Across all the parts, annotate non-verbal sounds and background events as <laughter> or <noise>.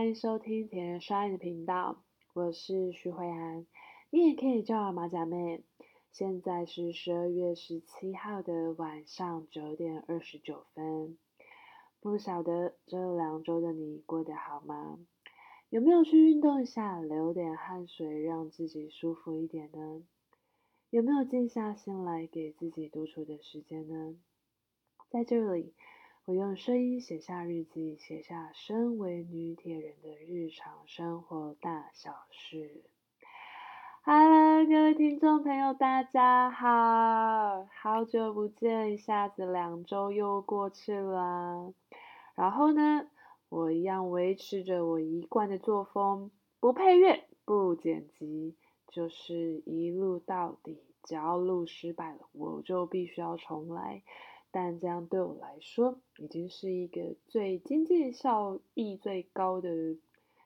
歡迎收聽鐵人 Shine 的頻道，我是徐慧安，你也可以叫我馬甲妹。現在是十二月十七號的晚上九點二十九分。不曉得這兩周的你過得好嗎？有沒有去運動一下，流點汗水，讓自己舒服一點呢？有沒有靜下心來給自己獨處的時間呢？在這裡。我用聲音寫下日記，寫下身為女鐵人的日常生活大小事。Hello，各位聽眾朋友，大家好，好久不見，一下子兩周又過去了。然後呢，我一樣維持着我一貫的作風，不配樂，不剪輯，就是一錄到底。只要錄失敗了，我就必須要重來。但這樣對我來說，已經是一個最經濟效益最高的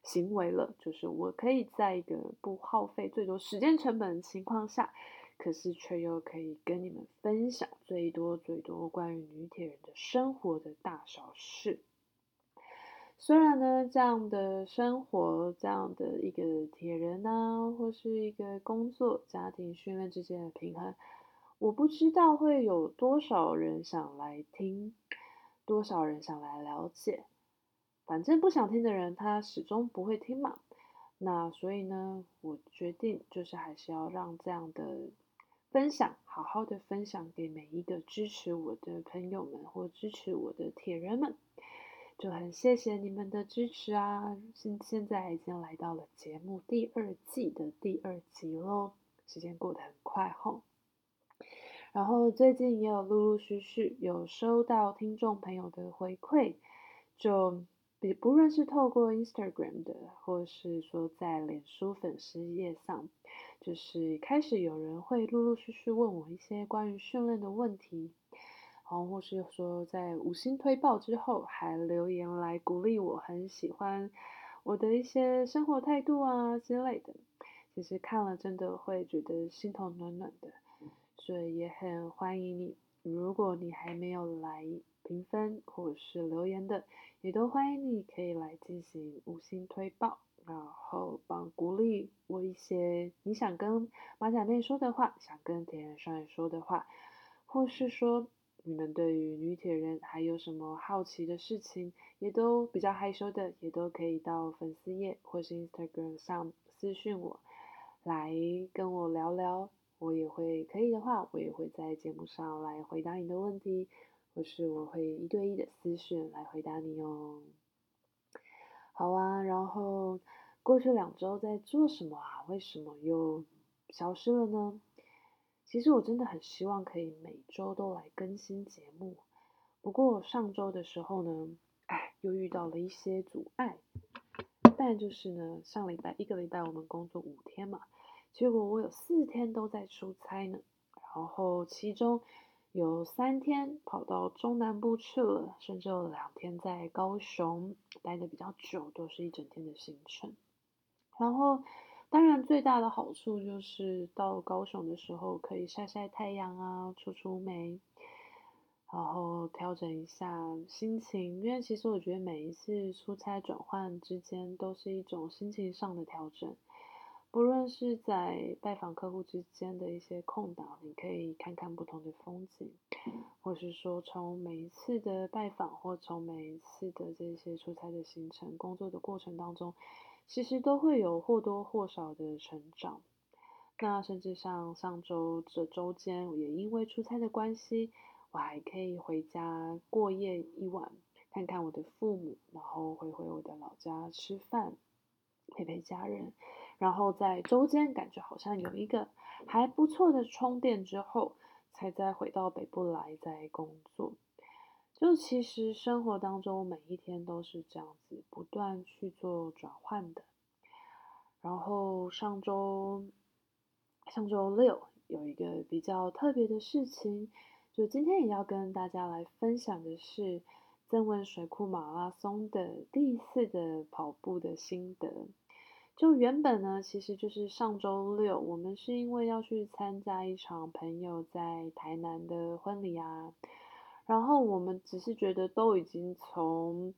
行為了，就是我可以在一個不耗費最多時間成本的情況下，可是卻又可以跟你們分享最多最多關於女鐵人的生活的大小事。雖然呢，這樣的生活，這樣的一個鐵人啊，或是一個工作、家庭、訓練之間的平衡。我不知道會有多少人想來聽，多少人想來了解。反正不想聽的人，他始終不會聽嘛。那所以呢，我決定就是還是要讓這樣的分享好好的分享給每一個支持我的朋友們，或支持我的鐵人們，就很謝謝你們的支持啊！現現在已經來到了節目第二季的第二集嘍，時間過得很快哦。然後最近也有陸陸續續有收到聽眾朋友的回饋，就比不論是透過 Instagram 的，或是說在臉書粉絲頁上，就是開始有人會陸陸續續問我一些關於訓練的問題，然後或是說在五星推爆之後還留言來鼓勵我，很喜歡我的一些生活態度啊之類的，其實看了真的會覺得心頭暖暖的。所以也很歡迎你，如果你還沒有來評分或是留言的，也都歡迎你可以來進行五星推報，然後幫鼓勵我一些你想跟馬甲妹說的話，想跟鐵人 Shine 說的話，或是說你們對於女鐵人還有什麼好奇的事情，也都比較害羞的，也都可以到粉絲頁或是 Instagram 上私訊我，來跟我聊聊。我也會，可以的話，我也會在節目上來回答你的問題，或、就是我會一對一的私訊來回答你哦。好啊，然後過去兩周在做什麼啊？為什麼又消失了呢？其實我真的很希望可以每周都來更新節目，不過上周的時候呢，哎，又遇到了一些阻礙。但就是呢，上禮拜一個禮拜我們工作五天嘛。結果我有四天都在出差呢，然後其中有三天跑到中南部去了，甚至有兩天在高雄待的比較久，都、就是一整天的行程。然後當然最大的好處就是到高雄的時候可以曬晒太陽啊，出出門，然後調整一下心情，因為其實我覺得每一次出差轉換之間都是一種心情上的調整。不論是在拜訪客戶之間的一些空檔，你可以看看不同的風景，或是說從每一次的拜訪，或從每一次的這些出差的行程、工作的過程當中，其實都會有或多或少的成長。那甚至像上周這周間，也因為出差的關係，我還可以回家過夜一晚，看看我的父母，然後回回我的老家吃飯，陪陪家人。然後在周間感覺好像有一個還不錯的充電之後，才再回到北部來再工作。就其實生活當中每一天都是這樣子不斷去做轉換的。然後上周上周六有一個比較特別的事情，就今天也要跟大家來分享的是曾文水庫馬拉松的第一次的跑步的心得。就原本呢，其實就是上周六，我們是因為要去參加一場朋友在台南的婚禮啊，然後我們只是覺得都已經從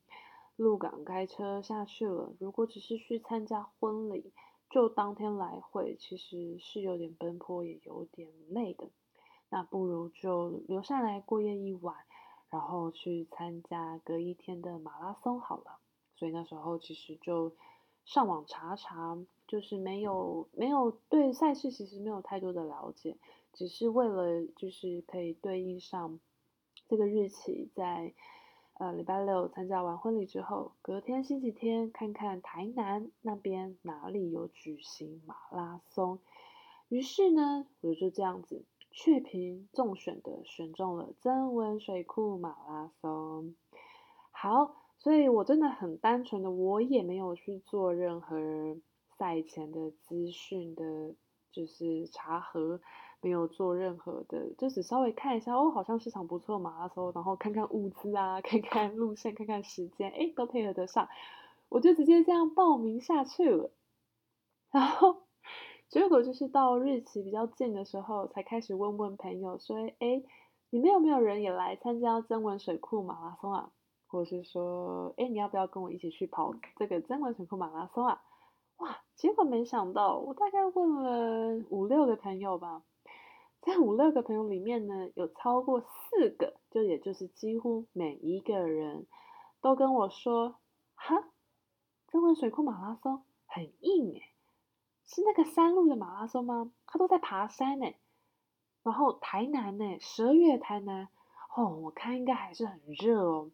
鹿港開車下去了，如果只是去參加婚禮，就當天來回，其實是有點奔波，也有點累的，那不如就留下來過夜一晚，然後去參加隔一天的馬拉松好了。所以那時候其實就。上網查查，就是沒有沒有對賽事其實沒有太多的了解，只是為了就是可以對應上這個日期，在呃禮拜六參加完婚禮之後，隔天星期天看看台南那邊哪裡有舉行馬拉松。於是呢，我就這樣子去拼眾選的選中了曾文水庫馬拉松。好。所以我真的很單純的，我也沒有去做任何賽前的資訊的，就是查核，沒有做任何的，就是稍微看一下哦，好像是場不錯的馬拉松，然後看看物資啊，看看路線，看看時間，誒，都配合得上，我就直接這樣報名下去了。然後結果就是到日期比較近的時候，才開始問問朋友說，誒，你們有沒有人也來參加曾文水庫馬拉松啊？我是說，誒，你要不要跟我一起去跑這個曾文水庫馬拉松啊？哇！結果沒想到，我大概問了五六個朋友吧，在五六個朋友裡面呢，有超過四個，就也就是幾乎每一個人都跟我說：“哈，曾文水庫馬拉松很硬哎、欸，是那個山路的馬拉松嗎？他都在爬山哎、欸。”然後台南哎、欸，十二月台南，哦，我看應該還是很熱哦。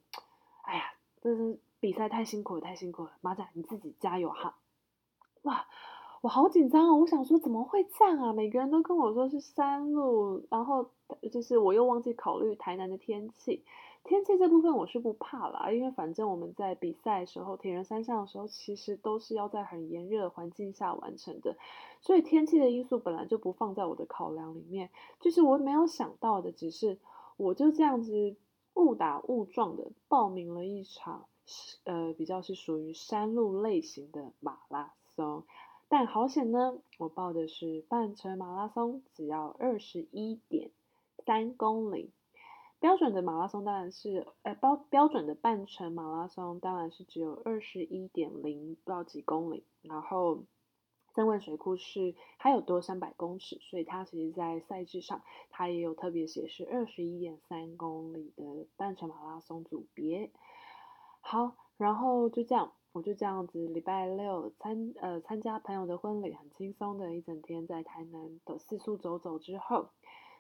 就是比賽太辛苦了，太辛苦了，馬仔你自己加油哈！哇，我好緊張哦！我想說怎麼會這樣啊？每個人都跟我說是山路，然後就是我又忘記考慮台南的天氣，天氣這部分我是不怕啦，因為反正我們在比賽的時候，鐵人三項的時候其實都是要在很炎熱的環境下完成的，所以天氣的因素本來就不放在我的考量裡面，就是我沒有想到的，只是我就這樣子。誤打誤撞的報名了一場，呃，比較是屬於山路類型的馬拉松，但好險呢，我報的是半程馬拉松，只要二十一點三公里。標準的馬拉松當然是，呃，標標準的半程馬拉松當然是只有二十一點零到幾公里，然後。曾文水庫是它有多三百公尺，所以它其實，在賽制上，它也有特別寫是二十一點三公里的半程馬拉松組別。好，然後就這樣，我就這樣子，禮拜六參呃參加朋友的婚禮，很輕鬆的一整天，在台南的四處走走之後，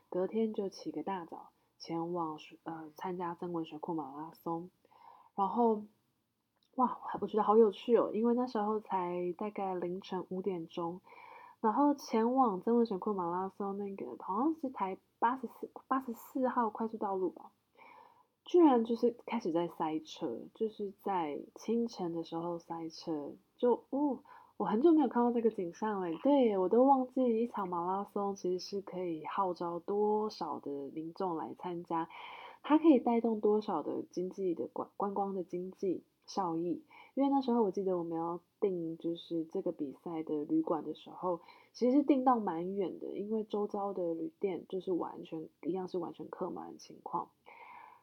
隔天就起個大早，前往呃參加曾文水庫馬拉松，然後。哇，我覺得好有趣哦！因為那時候才大概凌晨五點鐘，然後前往曾文水庫馬拉松，那個好像是台八十四八十四號快速道路吧，居然就是開始在塞車，就是在清晨的時候塞車，就哦，我很久沒有看到這個景象了。對，我都忘記一場馬拉松其實是可以號召多少的民眾來參加。它可以帶動多少的經濟的觀觀光的經濟效益？因為那時候我記得我們要訂就是這個比賽的旅館的時候，其實訂到蠻遠的，因為周遭的旅店就是完全一樣是完全客滿的情況。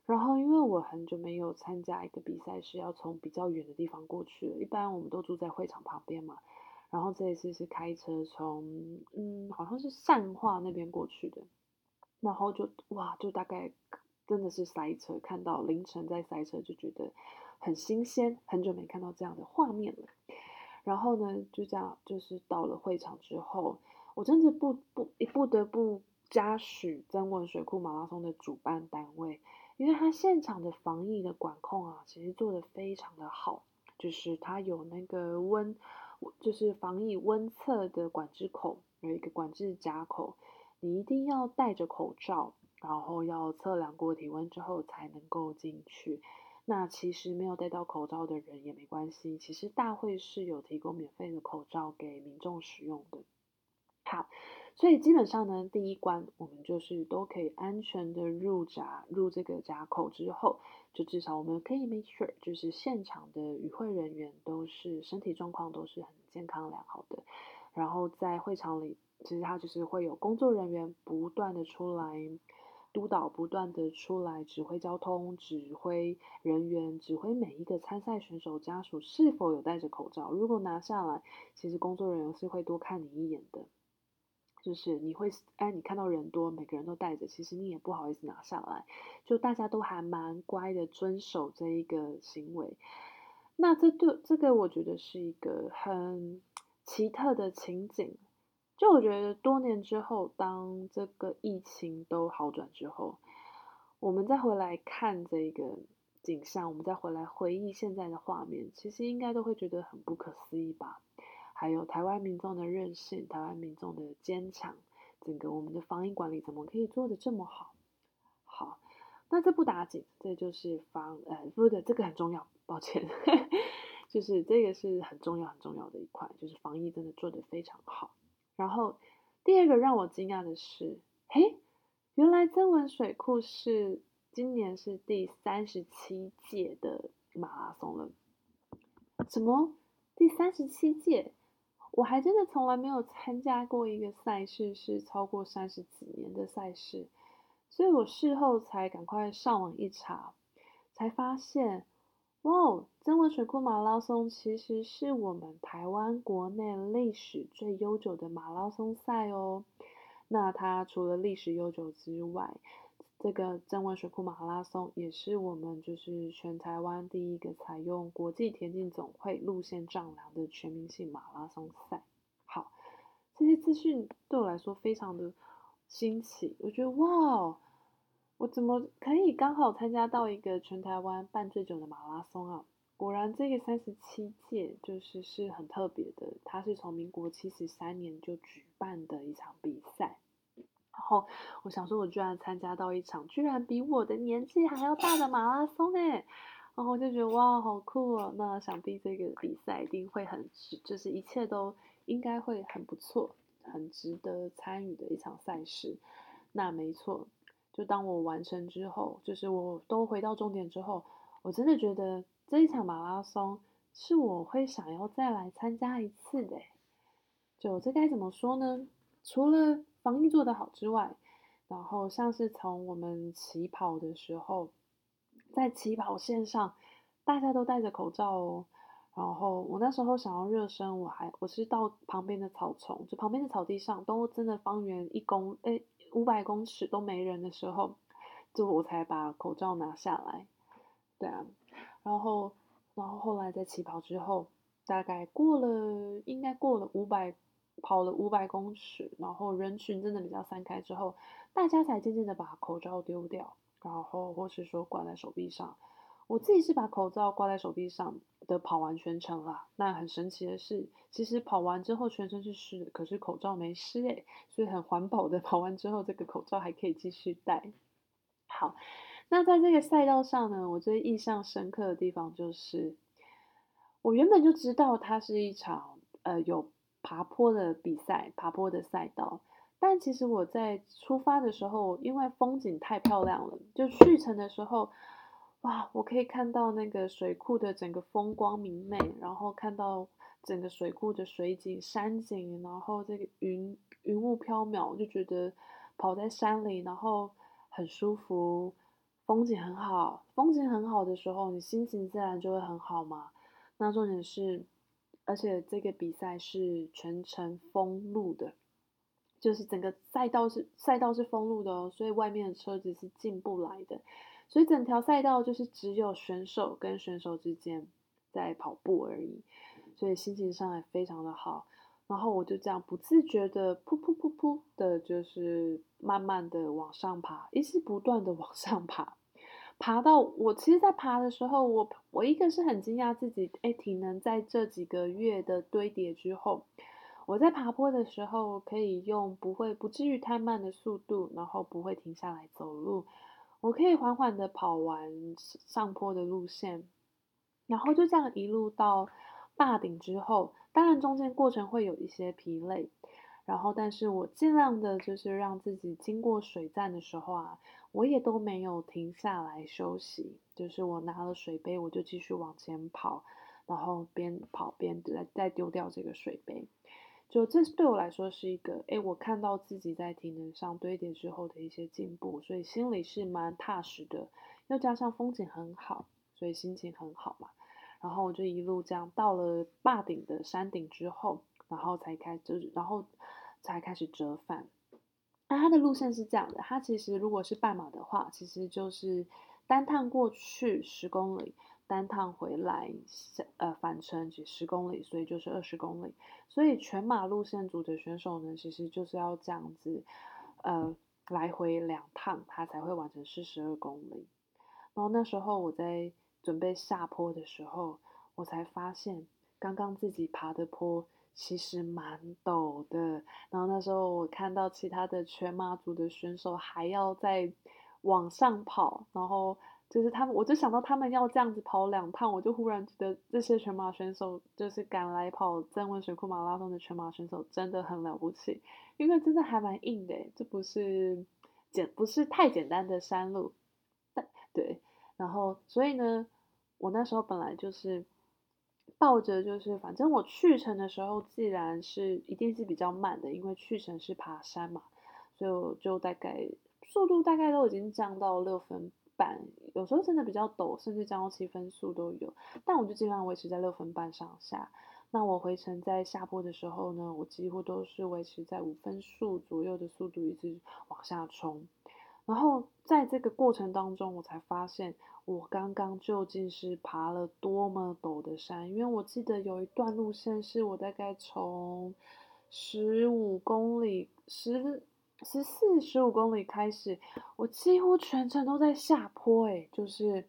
然後因為我很久沒有參加一個比賽，是要從比較遠的地方過去，一般我們都住在會場旁邊嘛。然後這一次是開車從嗯，好像是善化那邊過去的，然後就哇，就大概。真的是塞車，看到凌晨在塞車，就覺得很新鮮，很久沒看到這樣的畫面了。然後呢，就這樣，就是到了會場之後，我真的不不不得不嘉許曾文水庫馬拉松的主辦單位，因為他現場的防疫的管控啊，其實做得非常的好，就是他有那個溫，就是防疫溫測的管制口，有一個管制閘口，你一定要戴着口罩。然後要測量過體溫之後才能夠進去。那其實沒有戴到口罩的人也沒關係，其實大會是有提供免費的口罩給民眾使用的。好，所以基本上呢，第一關我們就是都可以安全的入閘，入這個閘口之後，就至少我們可以 make sure，就是現場的與會人員都是身體狀況都是很健康良好的。然後在會場裡，其實他就是會有工作人員不斷的出來。督導不斷的出來指揮交通，指揮人員，指揮每一個參賽選手家屬是否有戴着口罩。如果拿下來，其實工作人員是會多看你一眼的。就是你會，哎，你看到人多，每個人都戴着，其實你也不好意思拿下來。就大家都還蠻乖的，遵守這一個行為。那這對這個，我覺得是一個很奇特的情景。就我覺得，多年之後，當這個疫情都好轉之後，我們再回來看這個景象，我們再回來回憶現在的畫面，其實應該都會覺得很不可思議吧？還有台灣民眾的韌性，台灣民眾的堅強，整個我們的防疫管理怎麼可以做的這麼好？好，那這不打緊，這就是防呃，不的，這個很重要。抱歉， <laughs> 就是這個是很重要很重要的一塊，就是防疫真的做的非常好。然後，第二個讓我驚訝的是，嘿，原來曾文水庫是今年是第三十七屆的馬拉松了，什麼？第三十七屆？我還真的從來沒有參加過一個賽事是超過三十幾年的賽事，所以我事後才趕快上網一查，才發現。哇，曾文水庫馬拉松其實是我們台灣國內歷史最悠久的馬拉松賽哦。那它除了歷史悠久之外，這個曾文水庫馬拉松也是我們就是全台灣第一個採用國際田徑總會路線丈量的全民性馬拉松賽。好，這些資訊對我來說非常的新奇，我覺得哇、哦。我怎麼可以剛好參加到一個全台灣辦最久的馬拉松啊？果然這個三十七屆就是是很特別的，它是從民國七十三年就舉辦的一場比賽。然後我想說，我居然參加到一場居然比我的年紀還要大的馬拉松哎，然後我就覺得哇，好酷哦！那想必這個比賽一定會很值，就是一切都應該會很不錯，很值得參與的一場賽事。那沒錯。就當我完成之後，就是我都回到終點之後，我真的覺得這一場馬拉松是我會想要再來參加一次的。就這該怎麼說呢？除了防疫做得好之外，然後像是從我們起跑的時候，在起跑線上，大家都戴着口罩哦。然後我那時候想要熱身，我還我是到旁邊的草叢，就旁邊的草地上，都真的方圓一公誒。欸五百公尺都沒人的時候，就我才把口罩拿下來。對啊，然後，然後後來在起跑之後，大概過了，應該過了五百，跑了五百公尺，然後人群真的比較散開之後，大家才漸漸的把口罩丟掉，然後或是說掛在手臂上。我自己是把口罩掛在手臂上的跑完全程了。那很神奇的是，其實跑完之後全身是濕的，可是口罩沒濕誒、欸，所以很環保的。跑完之後，這個口罩還可以繼續戴。好，那在這個賽道上呢，我最印象深刻的地方就是，我原本就知道它是一場呃有爬坡的比賽，爬坡的賽道。但其實我在出發的時候，因為風景太漂亮了，就去程的時候。哇，我可以看到那個水庫的整個風光明媚，然後看到整個水庫的水景、山景，然後這個雲雲霧飄渺，我就覺得跑在山裡，然後很舒服，風景很好。風景很好的時候，你心情自然就會很好嘛。那重點是，而且這個比賽是全程封路的，就是整個賽道是賽道是封路的哦，所以外面的車子是進不來的。所以整條賽道就是只有選手跟選手之間在跑步而已，所以心情上也非常的好。然後我就這樣不自覺的噗噗噗噗的，就是慢慢的往上爬，一直不斷的往上爬，爬到我其實，在爬的時候，我我一個是很驚訝自己，哎，誒，體能在這幾個月的堆疊之後，我在爬坡的時候可以用不會不至於太慢的速度，然後不會停下來走路。我可以緩緩地跑完上坡的路線，然後就這樣一路到壩頂之後，當然中間過程會有一些疲累，然後但是我盡量的就是讓自己經過水站的時候啊，我也都沒有停下來休息，就是我拿了水杯，我就繼續往前跑，然後邊跑邊再再丟掉這個水杯。就這對我來說是一個，哎，我看到自己在體能上堆疊之後的一些進步，所以心裡是蠻踏實的。又加上風景很好，所以心情很好嘛。然後我就一路這樣到了壩頂的山頂之後，然後才開始，就是，然後才開始折返。那它的路線是這樣的，它其實如果是半馬的話，其實就是單趟過去十公里。單趟回來，呃，返程幾十公里，所以就是二十公里。所以全馬路線組的選手呢，其實就是要這樣子，呃，來回兩趟，他才會完成四十二公里。然後那時候我在準備下坡的時候，我才發現剛剛自己爬的坡其實蠻陡的。然後那時候我看到其他的全馬組的選手還要再往上跑，然後。就是他們，我就想到他們要這樣子跑兩趟，我就忽然覺得這些全馬選手，就是趕來跑曾文水庫馬拉松的全馬選手，真的很了不起，因為真的還蠻硬的，這不是簡不是太簡單的山路，對，然後所以呢，我那時候本來就是抱着就是反正我去程的時候，既然是一定是比較慢的，因為去程是爬山嘛，所以我就大概速度大概都已經降到六分。有時候真的比較陡，甚至將要七分速都有，但我就基本上維持在六分半上下。那我回程在下坡的時候呢，我幾乎都是維持在五分速左右的速度一直往下衝。然後在這個過程當中，我才發現我剛剛究竟是爬了多麼陡的山，因為我記得有一段路線是我大概從十五公里十。十四十五公里開始，我幾乎全程都在下坡，欸，誒，就是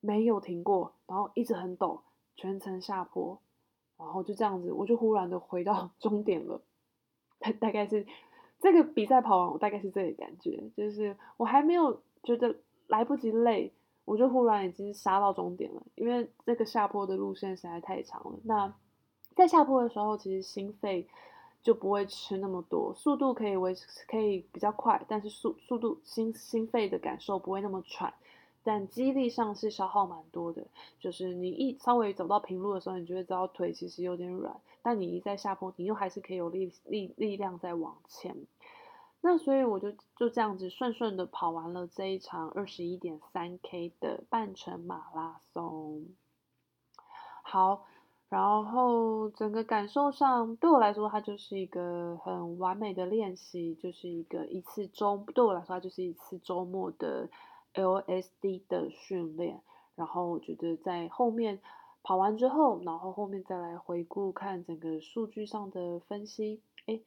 沒有停過，然後一直很陡，全程下坡，然後就這樣子，我就忽然的回到終點了。大、大概是這個比賽跑完，我大概是這個感覺，就是我還沒有覺得來不及累，我就忽然已經殺到終點了，因為那個下坡的路線實在太長了。那在下坡的時候，其實心肺。就不會吃那麼多，速度可以維持，可以比較快，但是速速度心心肺的感受不會那麼喘，但肌力上是消耗蠻多的。就是你一稍微走到平路的時候，你就會知道腿其實有點軟，但你一在下坡，你又還是可以有力力力量在往前。那所以我就就這樣子順順的跑完了這一場二十一點三 K 的半程馬拉松。好。然後整個感受上，對我來說，它就是一個很完美的練習，就是一個一次周，對我來說，它就是一次周末的 LSD 的訓練。然後我覺得在後面跑完之後，然後後面再來回顧看整個數據上的分析，誒，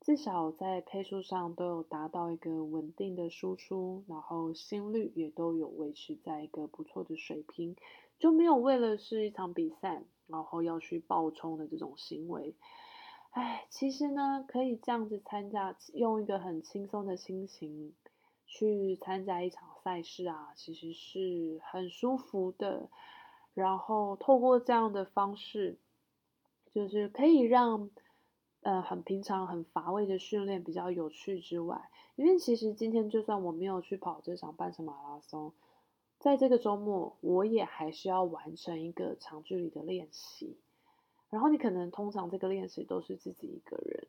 至少在配速上都有達到一個穩定的輸出，然後心率也都有維持在一個不錯的水平，就沒有為了是一場比賽。然後要去爆衝的這種行為，哎，其實呢，可以這樣子參加，用一個很輕鬆的心情去參加一場賽事啊，其實是很舒服的。然後透過這樣的方式，就是可以讓呃很平常很乏味的訓練比較有趣之外，因為其實今天就算我沒有去跑這場半程馬拉松。在這個週末，我也還需要完成一個長距離的練習。然後你可能通常這個練習都是自己一個人，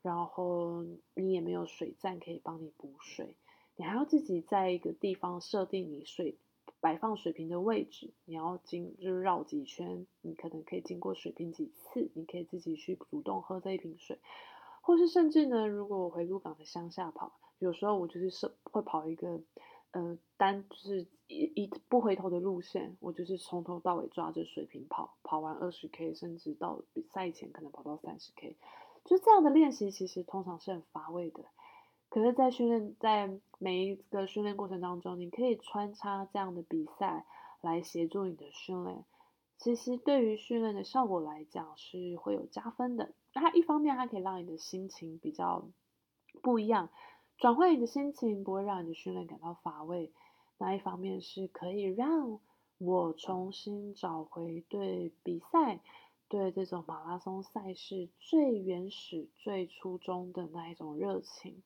然後你也沒有水站可以幫你補水，你還要自己在一個地方設定你水擺放水瓶的位置。你要經就是繞幾圈，你可能可以經過水瓶幾次，你可以自己去主動喝這一瓶水，或是甚至呢，如果我回鹿港的鄉下跑，有時候我就是會跑一個。呃，單就是一一不回頭的路線，我就是從頭到尾抓着水平跑，跑完二十 K，甚至到比賽前可能跑到三十 K，就這樣的練習其實通常是很乏味的。可是，在訓練在每一個訓練過程當中，你可以穿插這樣的比賽來協助你的訓練，其實對於訓練的效果來講是會有加分的。那它一方面它可以讓你的心情比較不一樣。轉換你的心情，不會讓你的訓練感到乏味。那一方面是可以讓我重新找回對比賽、對這種馬拉松賽事最原始、最初衷的那一種熱情，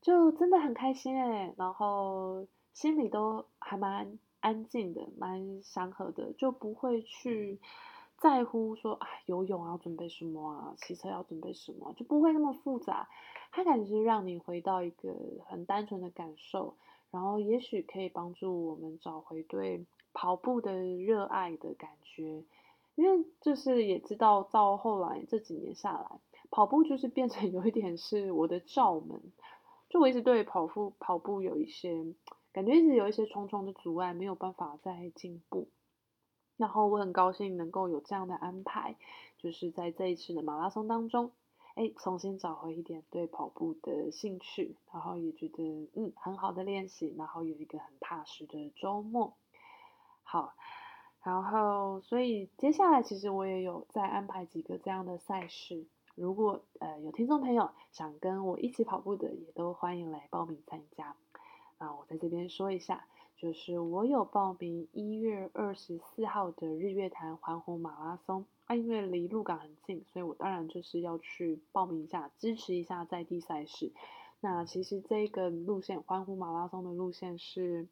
就真的很開心誒、欸。然後心裡都還蠻安靜的，蠻祥和的，就不會去。在乎說啊，游泳要準備什麼啊，騎車要準備什麼啊，就不會那麼複雜。它感覺是讓你回到一個很單純的感受，然後也許可以幫助我們找回對跑步的熱愛的感覺。因為就是也知道到後來這幾年下來，跑步就是變成有一點是我的罩門。就我一直對跑步跑步有一些感覺，一直有一些重重的阻礙，沒有辦法再進步。然後我很高興能夠有這樣的安排，就是在這一次的馬拉松當中，哎，重新找回一點對跑步的興趣，然後也覺得嗯，很好的練習，然後有一個很踏實的周末。好，然後所以接下來其實我也有在安排幾個這樣的賽事，如果呃，有聽眾朋友想跟我一起跑步的，也都歡迎來報名參加，那我在這邊說一下。就是我有報名一月二十四號的日月潭環湖馬拉松啊，因為離鹿港很近，所以我當然就是要去報名一下，支持一下在地賽事。那其實這個路線，環湖馬拉松的路線是。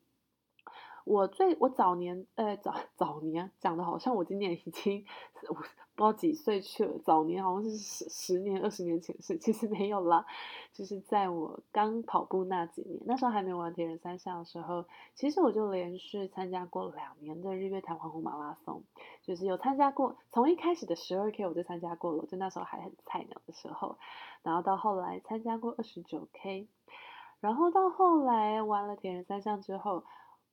我最我早年，呃、欸，早早年講的好像我今年已經，我不知道幾歲去了。早年好像是十十年、二十年前的事，其實沒有啦。就是在我剛跑步那幾年，那時候還沒有玩鐵人三項的時候，其實我就連續參加過兩年的日月潭環湖馬拉松，就是有參加過，從一開始的十二 K 我就參加過了，就那時候還很菜鳥的時候，然後到後來參加過二十九 K，然後到後來玩了鐵人三項之後，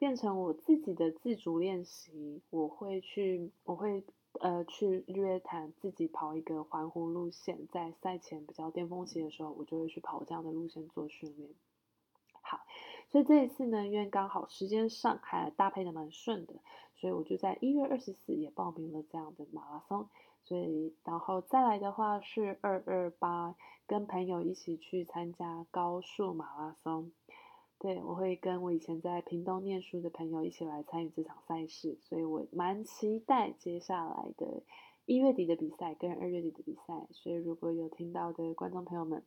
變成我自己的自主練習，我會去，我會呃去日月潭自己跑一個環湖路線，在賽前比較巔峰期的時候，我就會去跑這樣的路線做訓練。好，所以這一次呢，因為剛好時間上還搭配的蠻順的，所以我就在一月二十四也報名了這樣的馬拉松。所以然後再來的話是二二八，跟朋友一起去參加高速馬拉松。對，我會跟我以前在屏東念書的朋友一起來參與這場賽事，所以我蠻期待接下來的一月底的比賽跟二月底的比賽。所以如果有聽到的觀眾朋友們、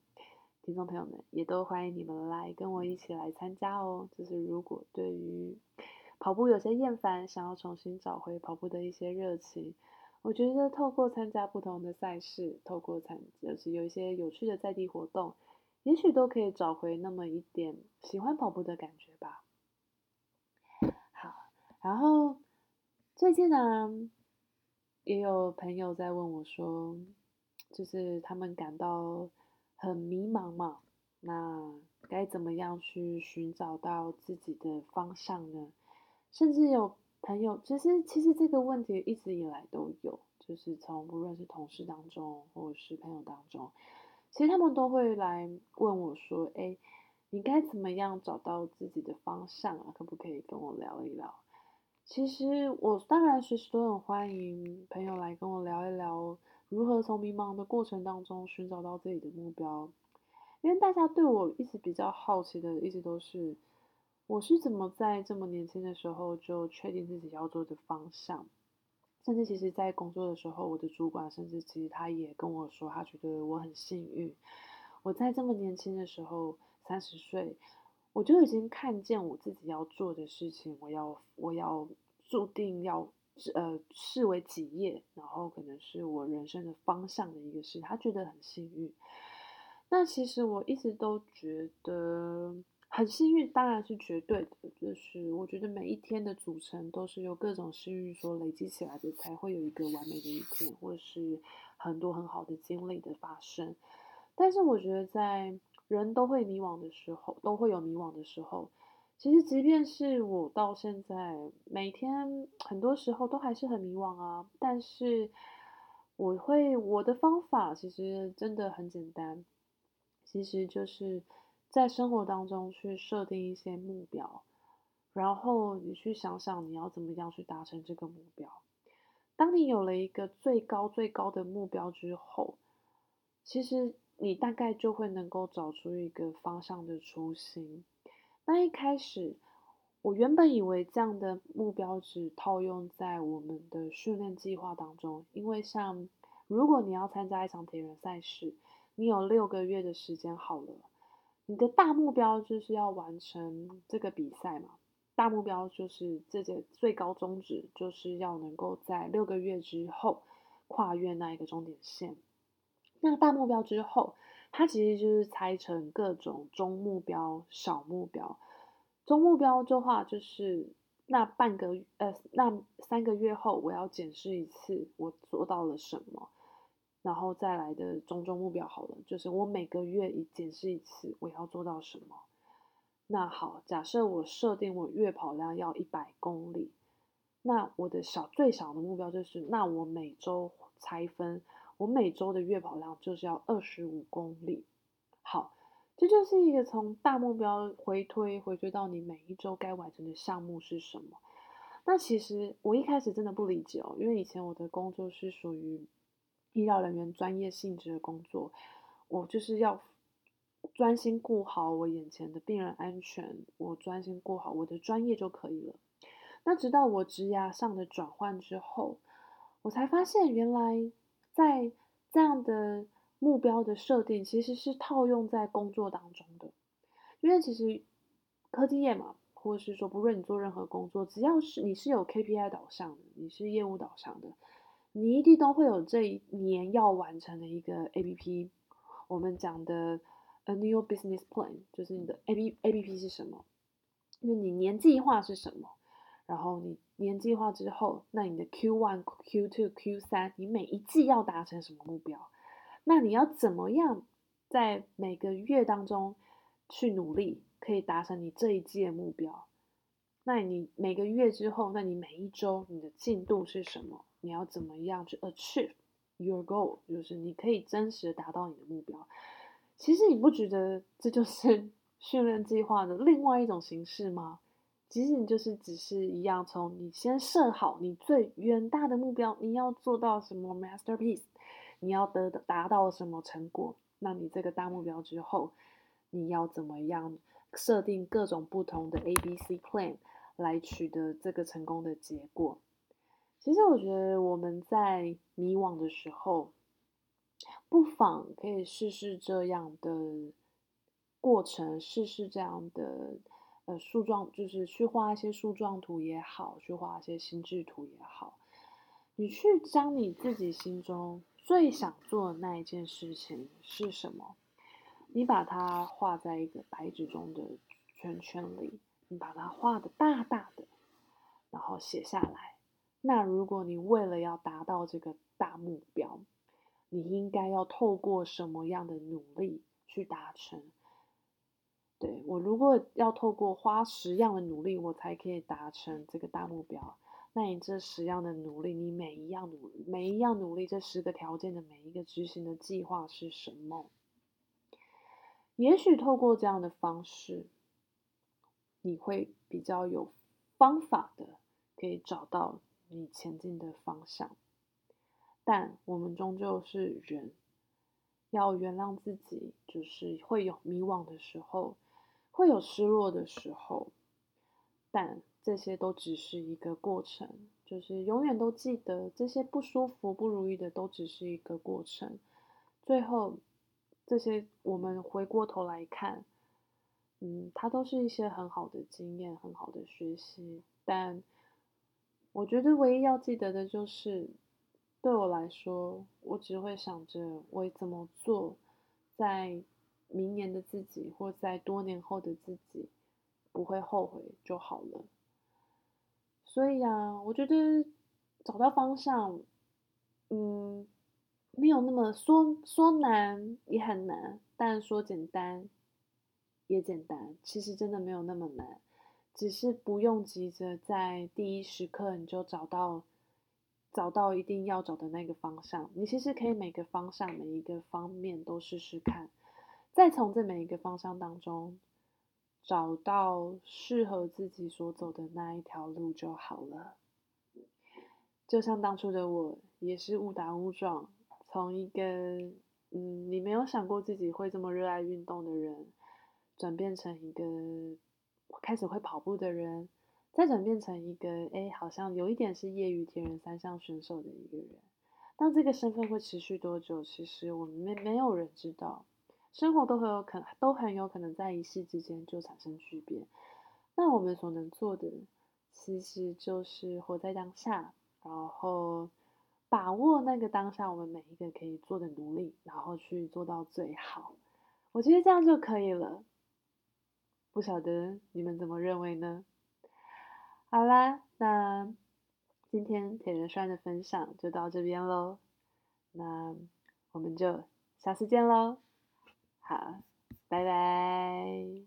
聽眾朋友們，也都歡迎你們來跟我一起來參加哦。就是如果對於跑步有些厭煩，想要重新找回跑步的一些熱情，我覺得透過參加不同的賽事，透過參就是有一些有趣的在地活動。也許都可以找回那麼一點喜歡跑步的感覺吧。好，然後最近呢，也有朋友在問我，說就是他們感到很迷茫嘛，那該怎麼樣去尋找到自己的方向呢？甚至有朋友，其實其實這個問題一直以來都有，就是從無論是同事當中，或者是朋友當中。其實他們都會來問我說：“哎，你該怎麼樣找到自己的方向啊？可不可以跟我聊一聊？”其實我當然隨時都很歡迎朋友來跟我聊一聊，如何從迷茫的過程當中尋找到自己的目標。因為大家對我一直比較好奇的，一直都是我是怎麼在這麼年輕的時候就確定自己要做的方向。甚至其實，在工作的時候，我的主管甚至其實他也跟我說，他覺得我很幸運。我在這麼年輕的時候，三十歲，我就已經看見我自己要做的事情，我要我要注定要呃，視為己業，然後可能是我人生的方向的一個事。他覺得很幸運。那其實我一直都覺得。很幸運當然是絕對的，就是我覺得每一天的組成都是由各種幸運所累積起來的，才會有一個完美的一天，或者是很多很好的經歷的發生。但是我覺得在人都會迷惘的時候，都會有迷惘的時候。其實即便是我到現在每天很多時候都還是很迷惘啊，但是我會，我的方法其實真的很簡單，其實就是。在生活當中去設定一些目標，然後你去想想你要怎麼樣去達成這個目標。當你有了一個最高最高的目標之後，其實你大概就會能夠找出一個方向的初心。那一開始，我原本以為這樣的目標只套用在我們的訓練計劃當中，因為像如果你要參加一場鐵人賽事，你有六個月的時間，好了。你的大目標就是要完成這個比賽嘛？大目標就是這些最高宗旨，就是要能夠在六個月之後跨越那一個終點線。那大目標之後，它其實就是拆成各種中目標、小目標。中目標的話，就是那半個呃，那三個月後我要檢視一次我做到了什麼。然後再來的種種目標好了，就是我每個月一檢視一次，我要做到什麼？那好，假設我設定我月跑量要一百公里，那我的小最小的目標就是，那我每周拆分，我每周的月跑量就是要二十五公里。好，這就是一個從大目標回推回推到你每一周該完成的項目是什麼？那其實我一開始真的不理解哦，因為以前我的工作是屬於。醫療人員專業性質的工作，我就是要專心顧好我眼前的病人安全，我專心顧好我的專業就可以了。那直到我職涯上的轉換之後，我才發現原來在這樣的目標的設定其實是套用在工作當中的，因為其實科技業嘛，或者是說不論你做任何工作，只要是你是有 KPI 導向的，你是業務導向的。你一定都會有這一年要完成的一個 A P P，我們講的 A new business plan 就是你的 A B A P P 是什麼？那你年計劃是什麼？然後你年計劃之後，那你的 Q one Q two Q three，你每一季要達成什麼目標？那你要怎麼樣在每個月當中去努力，可以達成你這一季的目標？那你每個月之後，那你每一周你的進度是什麼？你要怎麼樣去 achieve your goal，就是你可以真實的達到你的目標。其實你不覺得這就是訓練計劃的另外一種形式嗎？其實你就是只是一樣，從你先設好你最遠大的目標，你要做到什麼 masterpiece，你要得到達到什麼成果。那你這個大目標之後，你要怎麼樣設定各種不同的 ABC plan 來取得這個成功的結果？其實我覺得我們在迷惘的時候，不妨可以試試這樣的過程，試試這樣的呃樹狀，就是去畫一些樹狀圖也好，去畫一些心智圖也好。你去將你自己心中最想做的那一件事情是什麼？你把它畫在一個白紙中的圈圈裡，你把它畫得大大的，然後寫下來。那如果你為了要達到這個大目標，你應該要透過什麼樣的努力去達成？對，我如果要透過花十樣的努力，我才可以達成這個大目標。那你這十樣的努力，你每一樣努力，每一樣努力，這十個條件的每一個執行的計劃是什麼？也許透過這樣的方式，你會比較有方法的，可以找到，你前進的方向，但我們終究是人，要原諒自己，就是會有迷惘的時候，會有失落的時候，但這些都只是一個過程，就是永遠都記得這些不舒服、不如意的都只是一個過程。最後，這些我們回過頭來看，嗯，它都是一些很好的經驗、很好的學習，但。我覺得唯一要記得的就是，對我來說，我只會想着我怎麼做，在明年的自己或在多年後的自己不會後悔就好了。所以呀，我覺得找到方向，嗯，沒有那麼說說難也很難，但說簡單也簡單，其實真的沒有那麼難。只是不用急着在第一時刻你就找到找到一定要走的那個方向，你其實可以每個方向每一個方面都試試看，再從這每一個方向當中找到適合自己所走的那一條路就好了。就像當初的我，也是誤打誤撞，從一個嗯，你沒有想過自己會這麼熱愛運動的人，轉變成一個。我開始會跑步的人，再轉變成一個，哎、欸，好像有一點是業餘鐵人三項選手的一個人。那這個身份會持續多久？其實我們沒沒有人知道，生活都很有可能都很有可能在一夕之間就產生巨變。那我們所能做的，其實就是活在當下，然後把握那個當下，我們每一個可以做的努力，然後去做到最好。我覺得這樣就可以了。不曉得你們怎麼認為呢？好啦，那今天鐵人 Shine 的分享就到這邊嘍。那我們就下次見嘍，好，拜拜。